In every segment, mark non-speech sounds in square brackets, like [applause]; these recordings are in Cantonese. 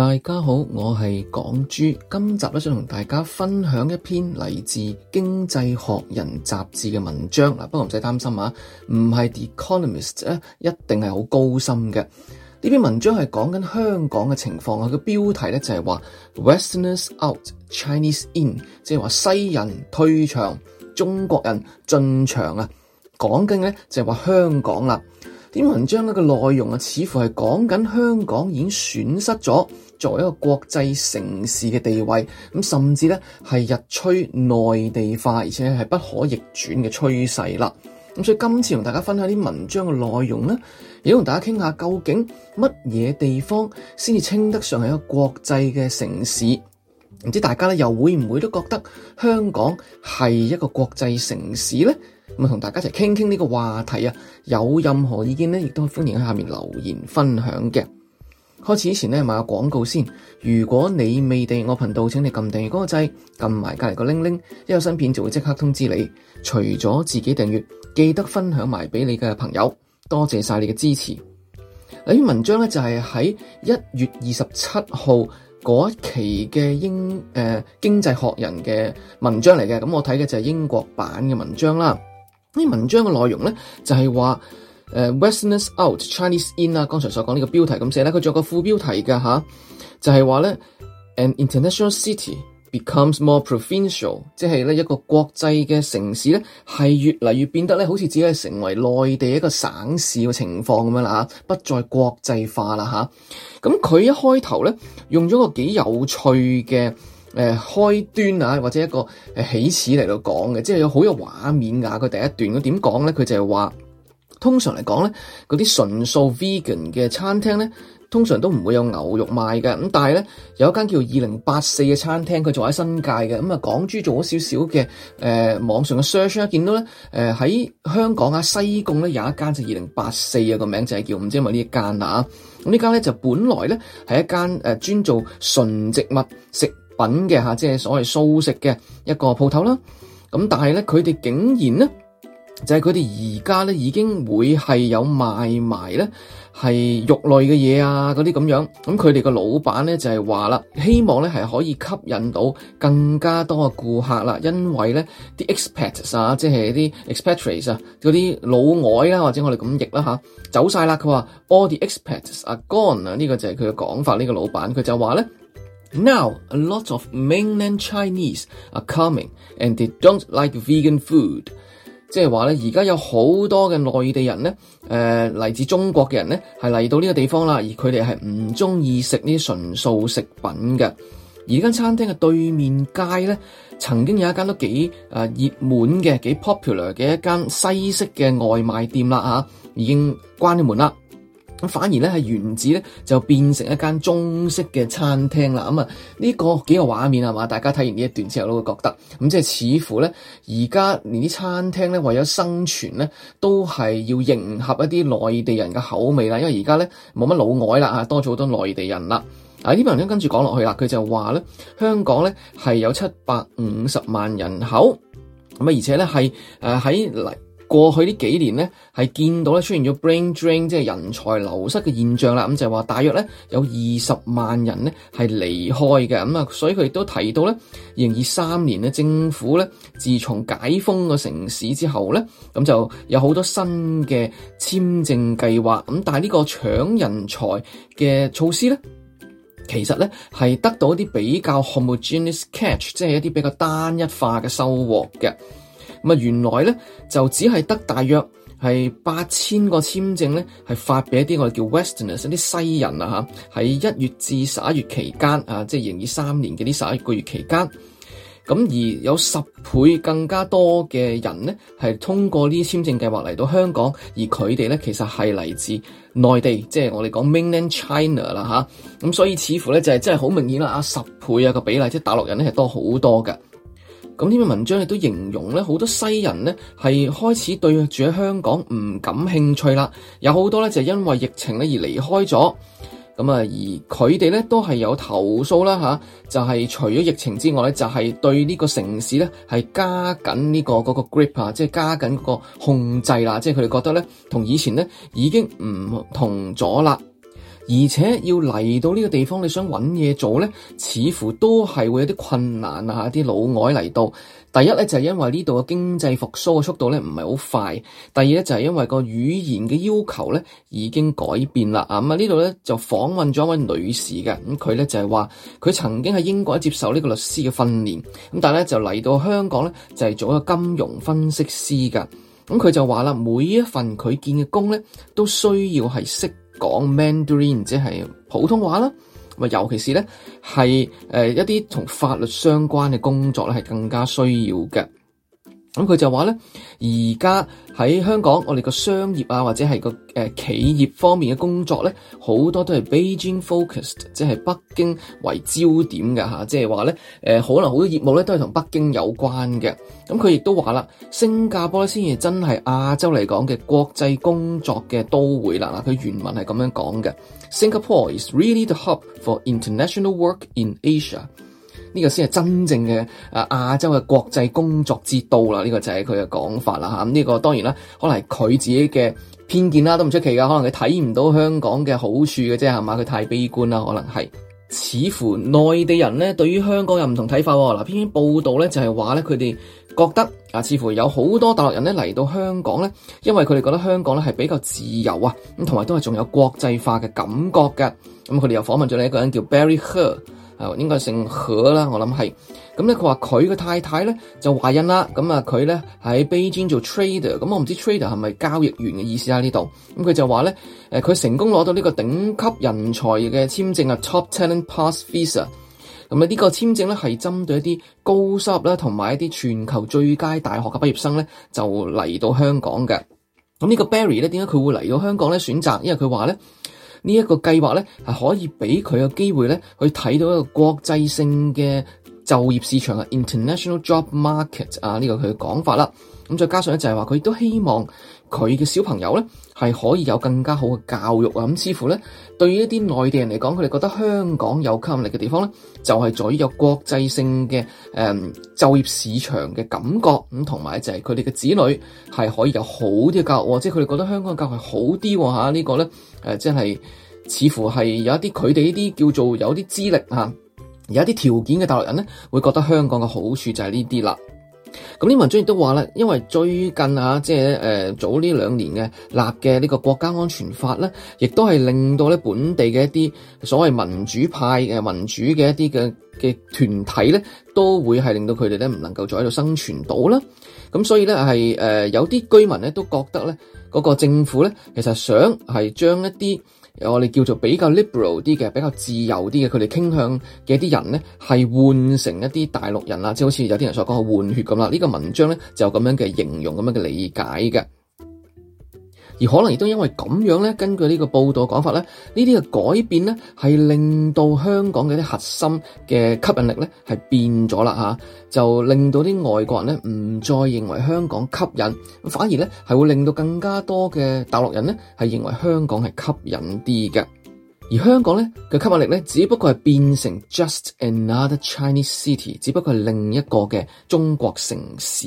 大家好，我係港珠。今集咧想同大家分享一篇嚟自《經濟學人》雜誌嘅文章。嗱，不過唔使擔心啊，唔係《The Economist》咧，一定係好高深嘅。呢篇文章係講緊香港嘅情況。佢個標題咧就係話 “Westerners Out, Chinese In”，即係話西人退場，中國人進場啊。講緊咧就係話香港啦。啲文章呢嘅內容啊，似乎係講緊香港已經損失咗作為一個國際城市嘅地位，咁甚至咧係日趨內地化，而且係不可逆轉嘅趨勢啦。咁所以今次同大家分享啲文章嘅內容咧，亦都同大家傾下究竟乜嘢地方先至稱得上係一個國際嘅城市？唔知大家咧又會唔會都覺得香港係一個國際城市咧？同大家一齊傾傾呢個話題，有任何意見呢亦都歡迎喺下面留言分享嘅。開始之前咧，賣下廣告先。如果你未訂閱我頻道，請你撳訂閱嗰個掣，撳埋隔離個鈴鈴，一有新片就會即刻通知你。除咗自己訂閱，記得分享埋俾你嘅朋友。多謝曬你嘅支持。嗱，啲文章咧就係、是、喺一月二十七號嗰一期嘅英誒、呃、經濟學人嘅文章嚟嘅。咁我睇嘅就係英國版嘅文章啦。呢篇文章嘅內容呢，就係話 Westerners out, Chinese in 啦。剛才所講呢個標題咁寫呢，佢仲有個副標題嘅吓，就係話呢 An international city becomes more provincial，即係呢一個國際嘅城市呢，係越嚟越變得呢，好似只係成為內地一個省市嘅情況咁樣啦，不再國際化啦吓。咁佢一開頭呢，用咗個幾有趣嘅。誒開端啊，或者一個誒起始嚟到講嘅，即係有好有畫面啊。佢第一段佢點講咧？佢就係話，通常嚟講咧，嗰啲純素 vegan 嘅餐廳咧，通常都唔會有牛肉賣嘅。咁但係咧，有一間叫二零八四嘅餐廳，佢做喺新界嘅咁啊。港豬做咗少少嘅誒網上嘅 search，見到咧誒喺香港啊西貢咧有一間就二零八四啊，個名就係叫，唔知係咪呢一間啦啊。咁、啊、呢間咧就本來咧係一間誒、呃、專做純植物食品嘅吓，即係所謂素食嘅一個鋪頭啦。咁但係咧，佢哋竟然咧，就係佢哋而家咧已經會係有賣埋咧係肉類嘅嘢啊，嗰啲咁樣。咁佢哋嘅老闆咧就係話啦，希望咧係可以吸引到更加多嘅顧客啦，因為咧啲 expats 啊，即係啲 expatriates 啊，嗰啲老外啦或者我哋咁譯啦吓、啊，走晒啦佢話，all the expats are gone 啊，呢個就係佢嘅講法。呢個老闆佢就話咧。Now, a lot of mainland Chinese are coming and they don't like vegan food。即係話咧，而家有好多嘅內地人咧，誒、呃、嚟自中國嘅人咧，係嚟到呢個地方啦，而佢哋係唔中意食呢啲純素食品嘅。而間餐廳嘅對面街咧，曾經有一間都幾誒熱門嘅、幾 popular 嘅一間西式嘅外賣店啦，嚇、啊，已經關咗門啦。反而咧係原址咧就變成一間中式嘅餐廳啦，咁啊呢個幾個畫面係嘛？大家睇完呢一段之後都會覺得，咁即係似乎咧而家連啲餐廳咧為咗生存咧都係要迎合一啲內地人嘅口味啦，因為而家咧冇乜老外啦，啊多咗好多內地人啦，啊呢個人跟住講落去啦，佢就話咧香港咧係有七百五十萬人口，咁啊而且咧係誒喺嚟。過去呢幾年呢，係見到出現咗 brain drain，即係人才流失嘅現象啦。咁就係話，大約呢有二十萬人呢係離開嘅。咁啊，所以佢亦都提到二零二三年呢，政府呢，自從解封個城市之後呢，咁就有好多新嘅簽證計劃。咁但係呢個搶人才嘅措施呢，其實呢係得到一啲比較 homogeneous catch，即係一啲比較單一化嘅收穫嘅。原來呢，就只係得大約係八千個簽證呢係發俾一啲我哋叫 Westerners 一啲西人啊嚇，喺一月至十一月期間啊，即係營業三年嘅呢十一個月期間。咁、啊、而有十倍更加多嘅人呢，係通過呢啲簽證計劃嚟到香港，而佢哋呢，其實係嚟自內地，即係我哋講 Mainland China 啦吓，咁所以似乎呢，就係、是、真係好明顯啦，啊十倍啊個比例，即係大陸人呢，係多好多噶。咁呢篇文章亦都形容好多西人呢，係開始對住喺香港唔感興趣啦。有好多呢，就係因為疫情而離開咗。咁而佢哋咧都係有投訴啦，吓就係、是、除咗疫情之外呢，就係、是、對呢個城市呢，係加緊呢、這個嗰、那個 grip 啊，即係加緊嗰個控制啦。即係佢哋覺得呢，同以前呢，已經唔同咗啦。而且要嚟到呢個地方，你想搵嘢做呢，似乎都係會有啲困難啊！啲老外嚟到，第一呢，就係因為呢度嘅經濟復甦嘅速度呢唔係好快，第二呢，就係因為個語言嘅要求呢已經改變啦啊！咁啊呢度呢就訪問咗一位女士嘅，咁佢呢就係話佢曾經喺英國接受呢個律師嘅訓練，咁但係呢，就嚟到香港呢，就係做一個金融分析師嘅，咁、嗯、佢就話啦，每一份佢見嘅工呢，都需要係識。講 Mandarin 即係普通話啦，尤其是咧，係誒一啲同法律相關嘅工作咧，係更加需要嘅。咁佢就話咧，而家喺香港，我哋個商業啊，或者係個誒、呃、企業方面嘅工作咧，好多都係 Beijing focused，即係北京為焦點嘅吓、啊，即係話咧，誒、呃、可能好多業務咧都係同北京有關嘅。咁佢亦都話啦，新加坡咧先至真係亞洲嚟講嘅國際工作嘅都會啦。嗱，佢原文係咁樣講嘅，Singapore is really the hub for international work in Asia。呢個先係真正嘅啊亞洲嘅國際工作之都啦，呢、呢個就係佢嘅講法啦嚇。呢、啊呢個當然啦，可能係佢自己嘅偏見啦，都唔出奇㗎。可能佢睇唔到香港嘅好處嘅啫，係嘛？佢太悲觀啦，可能係。似乎內地人咧對於香港有唔同睇法喎。嗱、啊，偏偏報道咧就係話咧，佢哋覺得啊，似乎有好多大陸人咧嚟到香港咧，因為佢哋覺得香港咧係比較自由啊，咁同埋都係仲有國際化嘅感覺嘅。咁佢哋又訪問咗呢一個人叫 Barry h u r 係應該姓何啦，我諗係。咁咧，佢話佢嘅太太咧就懷孕啦。咁啊，佢咧喺北京做 trader，咁我唔知 trader 係咪交易員嘅意思啊？呢度咁佢就話咧，誒佢成功攞到呢個頂級人才嘅簽證啊，Top Talent Pass Visa。咁啊，呢個簽證咧係針對一啲高收入啦，同埋一啲全球最佳大學嘅畢業生咧就嚟到香港嘅。咁呢個 Barry 咧，點解佢會嚟到香港咧？選擇，因為佢話咧。呢一個計劃咧，係可以俾佢個機會咧，去睇到一個國際性嘅就業市場 International Job Market 啊，呢個佢嘅講法啦。咁再加上咧，就係話佢亦都希望，佢嘅小朋友呢，係可以有更加好嘅教育啊！咁、嗯、似乎呢，對於一啲內地人嚟講，佢哋覺得香港有吸引力嘅地方呢，就係、是、在於有國際性嘅誒就業市場嘅感覺，咁同埋就係佢哋嘅子女係可以有好啲嘅教育，即係佢哋覺得香港嘅教育係好啲喎嚇。呢、啊這個呢，誒、呃、即係似乎係有一啲佢哋呢啲叫做有啲資歷啊，有一啲條件嘅大陸人呢，會覺得香港嘅好處就係呢啲啦。咁呢文章亦都話咧，因為最近呀即係誒、呃、早呢兩年嘅立嘅呢個國家安全法咧，亦都係令到咧本地嘅一啲所謂民主派嘅民主嘅一啲嘅嘅團體咧，都會係令到佢哋咧唔能夠再喺度生存到啦。咁所以咧係誒有啲居民咧都覺得咧，嗰、嗰個政府咧其實想係將一啲。我哋叫做比較 liberal 啲嘅，比較自由啲嘅，佢哋傾向嘅一啲人呢，係換成一啲大陸人啦，即好似有啲人所講嘅換血咁啦。呢個文章呢，就有咁樣嘅形容，咁樣嘅理解嘅。而可能亦都因為咁樣，根據呢個報道講法咧，呢啲嘅改變咧係令到香港嘅核心嘅吸引力咧係變咗啦，啊，就令到啲外國人咧唔再認為香港吸引，反而咧係會令到更加多嘅大陸人咧係認為香港係吸引啲嘅，而香港咧嘅吸引力咧只不過係變成 just another Chinese city，只不過係另一個嘅中國城市。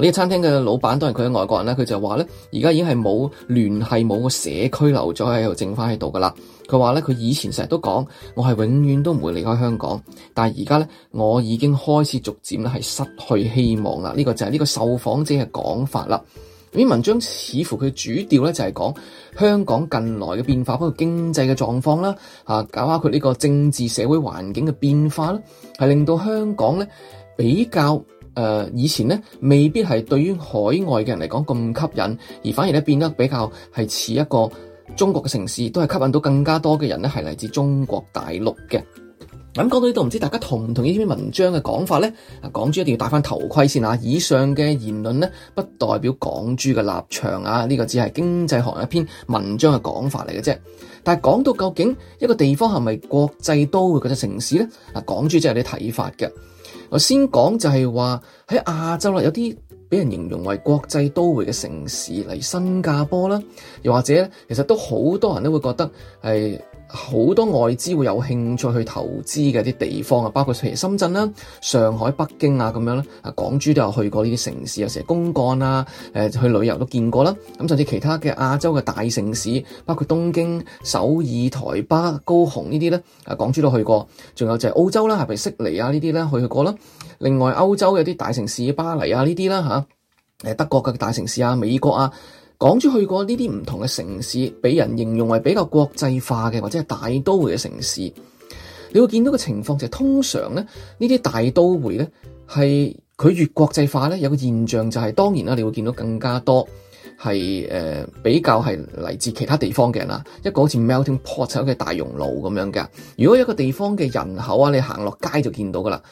呢個餐廳嘅老闆都係佢嘅外國人啦，佢就話咧，而家已經係冇聯繫、冇個社區留咗喺度，剩翻喺度噶啦。佢話咧，佢以前成日都講，我係永遠都唔會離開香港，但係而家咧，我已經開始逐漸係失去希望啦。呢、這個就係呢個受訪者嘅講法啦。呢篇文章似乎佢主調咧就係講香港近來嘅變化，包括經濟嘅狀況啦，嚇搞下佢呢個政治社會環境嘅變化啦，係令到香港呢比較。誒、呃、以前咧，未必係對於海外嘅人嚟講咁吸引，而反而咧變得比較係似一個中國嘅城市，都係吸引到更加多嘅人咧係嚟自中國大陸嘅。咁、嗯、講到呢度，唔知大家同唔同意呢篇文章嘅講法咧？港豬一定要戴翻頭盔先啊！以上嘅言論咧，不代表港豬嘅立場啊，呢、這個只係經濟學人一篇文章嘅講法嚟嘅啫。但係講到究竟一個地方係咪國際都會嗰啲城市咧？啊，港豬即係有啲睇法嘅。我先講就係話，喺亞洲有啲俾人形容為國際都會嘅城市，例如新加坡啦，又或者其實都好多人都會覺得好多外資會有興趣去投資嘅啲地方啊，包括譬如深圳啦、上海、北京啊咁樣啦，啊港珠都有去過呢啲城市啊，成日公幹啊，誒去旅遊都見過啦。咁甚至其他嘅亞洲嘅大城市，包括東京、首爾、台北、高雄呢啲咧，啊港珠都去過。仲有就係澳洲啦，係咪悉尼啊呢啲咧去過啦？另外歐洲有啲大城市巴黎啊呢啲啦嚇，誒德國嘅大城市啊，美國啊。講住去過呢啲唔同嘅城市，俾人形容為比較國際化嘅或者係大都會嘅城市。你會見到嘅情況就係、是、通常咧呢啲大都會咧係佢越國際化咧有個現象就係、是、當然啦，你會見到更加多係誒、呃、比較係嚟自其他地方嘅人啦。一個好似 melting pot 嘅大熔爐咁樣嘅。如果一個地方嘅人口啊，你行落街就見到噶啦。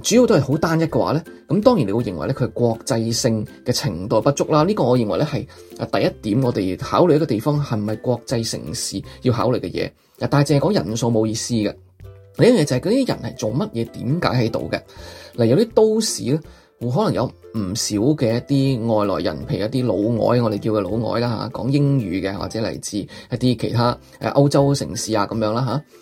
主要都係好單一嘅話呢，咁當然你會認為咧佢係國際性嘅程度不足啦。呢個我認為咧係啊第一點，我哋考慮一個地方係咪國際城市要考慮嘅嘢。啊，淨係講人數冇意思嘅，另一樣嘢就係嗰啲人係做乜嘢，點解喺度嘅？例如有啲都市咧，會可能有唔少嘅一啲外來人，譬如一啲老外，我哋叫佢老外啦嚇，講英語嘅，或者嚟自一啲其他誒歐洲城市啊咁樣啦嚇。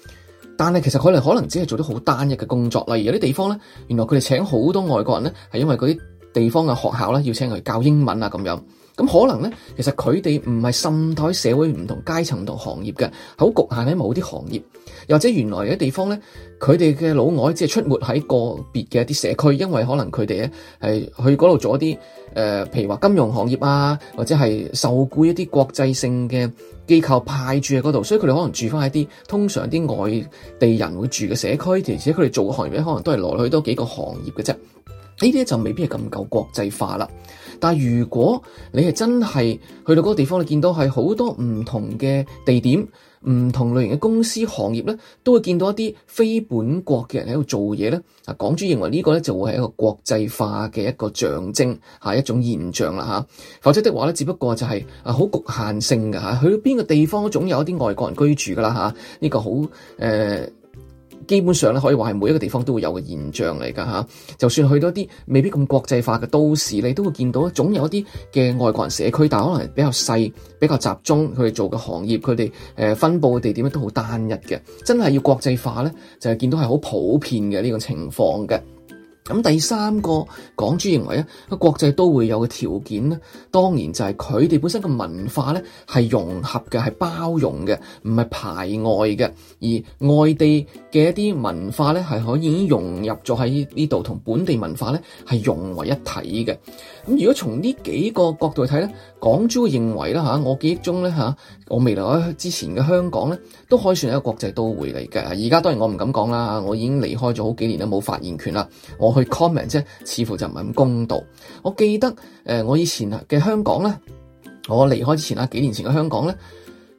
但係其實佢哋可能只係做啲好單一嘅工作，例如有啲地方呢，原來佢哋請好多外國人呢，係因為嗰啲地方嘅學校呢要請佢教英文啊咁樣，咁可能呢，其實佢哋唔係滲透社會唔同階層唔同行業嘅，係好侷限喺某啲行業。又或者原來嘅地方呢，佢哋嘅老外只係出沒喺個別嘅一啲社區，因為可能佢哋咧係去嗰度做一啲誒，譬如話金融行業啊，或者係受僱一啲國際性嘅機構派住喺嗰度，所以佢哋可能住翻一啲通常啲外地人會住嘅社區，而且佢哋做嘅行業可能都係來去都幾個行業嘅啫。呢啲就未必係咁夠國際化啦。但如果你係真係去到嗰個地方，你見到係好多唔同嘅地點。唔同類型嘅公司行業咧，都會見到一啲非本國嘅人喺度做嘢咧。啊，港豬認為呢個咧就會係一個國際化嘅一個象徵嚇，一種現象啦嚇。否則的話咧，只不過就係啊好局限性㗎嚇。去到邊個地方都總有一啲外國人居住㗎啦嚇。呢、呢個好誒。呃基本上咧，可以話係每一個地方都會有嘅現象嚟㗎嚇。就算去到一啲未必咁國際化嘅都市，你都會見到，總有一啲嘅外國人社區，但可能比較細、比較集中，佢哋做嘅行業，佢哋分佈嘅地點都好單一嘅。真係要國際化呢，就係見到係好普遍嘅呢個情況嘅。咁第三個港豬認為咧，國際都會有個條件咧，當然就係佢哋本身嘅文化咧係融合嘅，係包容嘅，唔係排外嘅。而外地嘅一啲文化呢係可以融入咗喺呢度，同本地文化呢係融為一體嘅。咁如果從呢幾個角度睇呢，港豬認為呢，我記憶中呢，我未離開之前嘅香港呢，都可以算係一個國際都會嚟嘅。而家當然我唔敢講啦，我已經離開咗好幾年啦，冇發言權啦，去 comment 啫，似乎就唔係咁公道。我記得誒、呃，我以前啊嘅香港咧，我離開之前啊，幾年前嘅香港咧，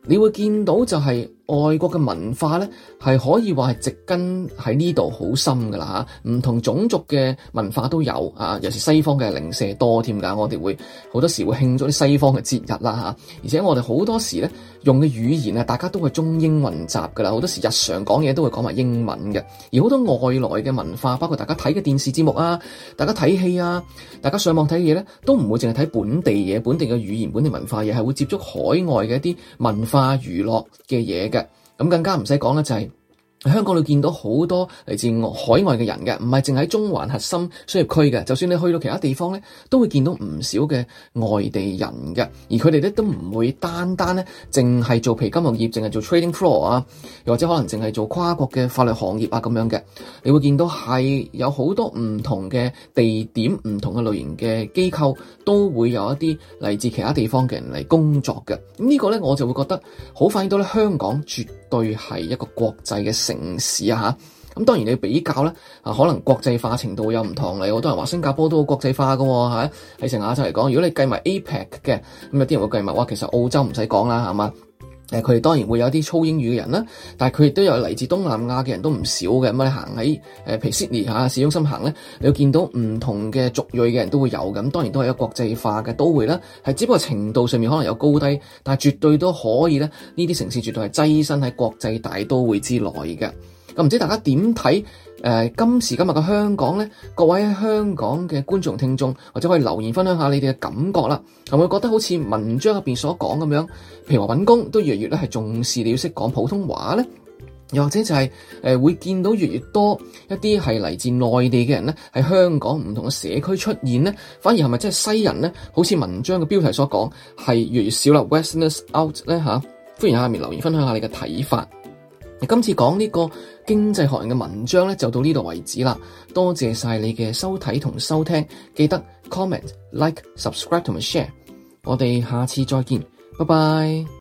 你會見到就係外國嘅文化咧，係可以話係植根喺呢度好深噶啦嚇。唔、啊、同種族嘅文化都有啊，尤其西方嘅零舍多添㗎。我哋會好多時會慶祝啲西方嘅節日啦嚇，而且我哋好多時咧，啊用嘅語言啊，大家都係中英混雜㗎啦，好多時日常講嘢都會講埋英文嘅，而好多外來嘅文化，包括大家睇嘅電視節目啊，大家睇戲啊，大家上網睇嘢咧，都唔會淨係睇本地嘢、本地嘅語言、本地文化嘢，係會接觸海外嘅一啲文化娛樂嘅嘢嘅，咁更加唔使講喇就係、是。香港你見到好多嚟自海外嘅人嘅，唔係淨喺中環核心商業區嘅，就算你去到其他地方咧，都會見到唔少嘅外地人嘅，而佢哋咧都唔會單單咧，淨係做皮金融業，淨係做 trading floor 啊，又或者可能淨係做跨國嘅法律行業啊咁樣嘅，你會見到係有好多唔同嘅地點、唔同嘅類型嘅機構都會有一啲嚟自其他地方嘅人嚟工作嘅。咁、這個、呢個咧我就會覺得好反映到咧，香港絕對係一個國際嘅。城市啊，嚇！咁當然你比較呢，啊，可能國際化程度有唔同，你好多人話新加坡都好國際化㗎喎，嚇、啊！喺成亞洲嚟講，如果你計埋 APEC 嘅，咁、啊嗯、有啲人會計埋，哇！其實澳洲唔使講啦，係、啊、嘛？啊誒佢哋當然會有啲粗英語嘅人啦，但係佢亦都有嚟自東南亞嘅人都唔少嘅。咁、嗯、你行喺誒，譬如悉尼、啊、d 市中心行咧，你會見到唔同嘅族裔嘅人都會有咁、嗯，當然都係有國際化嘅都會啦。係只不過程度上面可能有高低，但係絕對都可以咧。呢啲城市絕對係躋身喺國際大都會之內嘅。咁唔知大家點睇？誒、呃、今時今日嘅香港咧，各位香港嘅觀眾聽眾，或者可以留言分享下你哋嘅感覺啦，係咪覺得好似文章入邊所講咁樣？譬如話揾工都越嚟越咧係重視你要識講普通話咧，又或者就係、是、誒、呃、會見到越嚟越多一啲係嚟自內地嘅人咧，喺香港唔同嘅社區出現咧，反而係咪真係西人咧？好似文章嘅標題所講係越嚟越少啦，Westerners Out 咧吓， [music] 歡迎喺下面留言分享下你嘅睇法。今次講呢個經濟學人嘅文章呢，就到呢度為止啦。多謝晒你嘅收睇同收聽，記得 comment、like、subscribe 同 share。我哋下次再見，拜拜。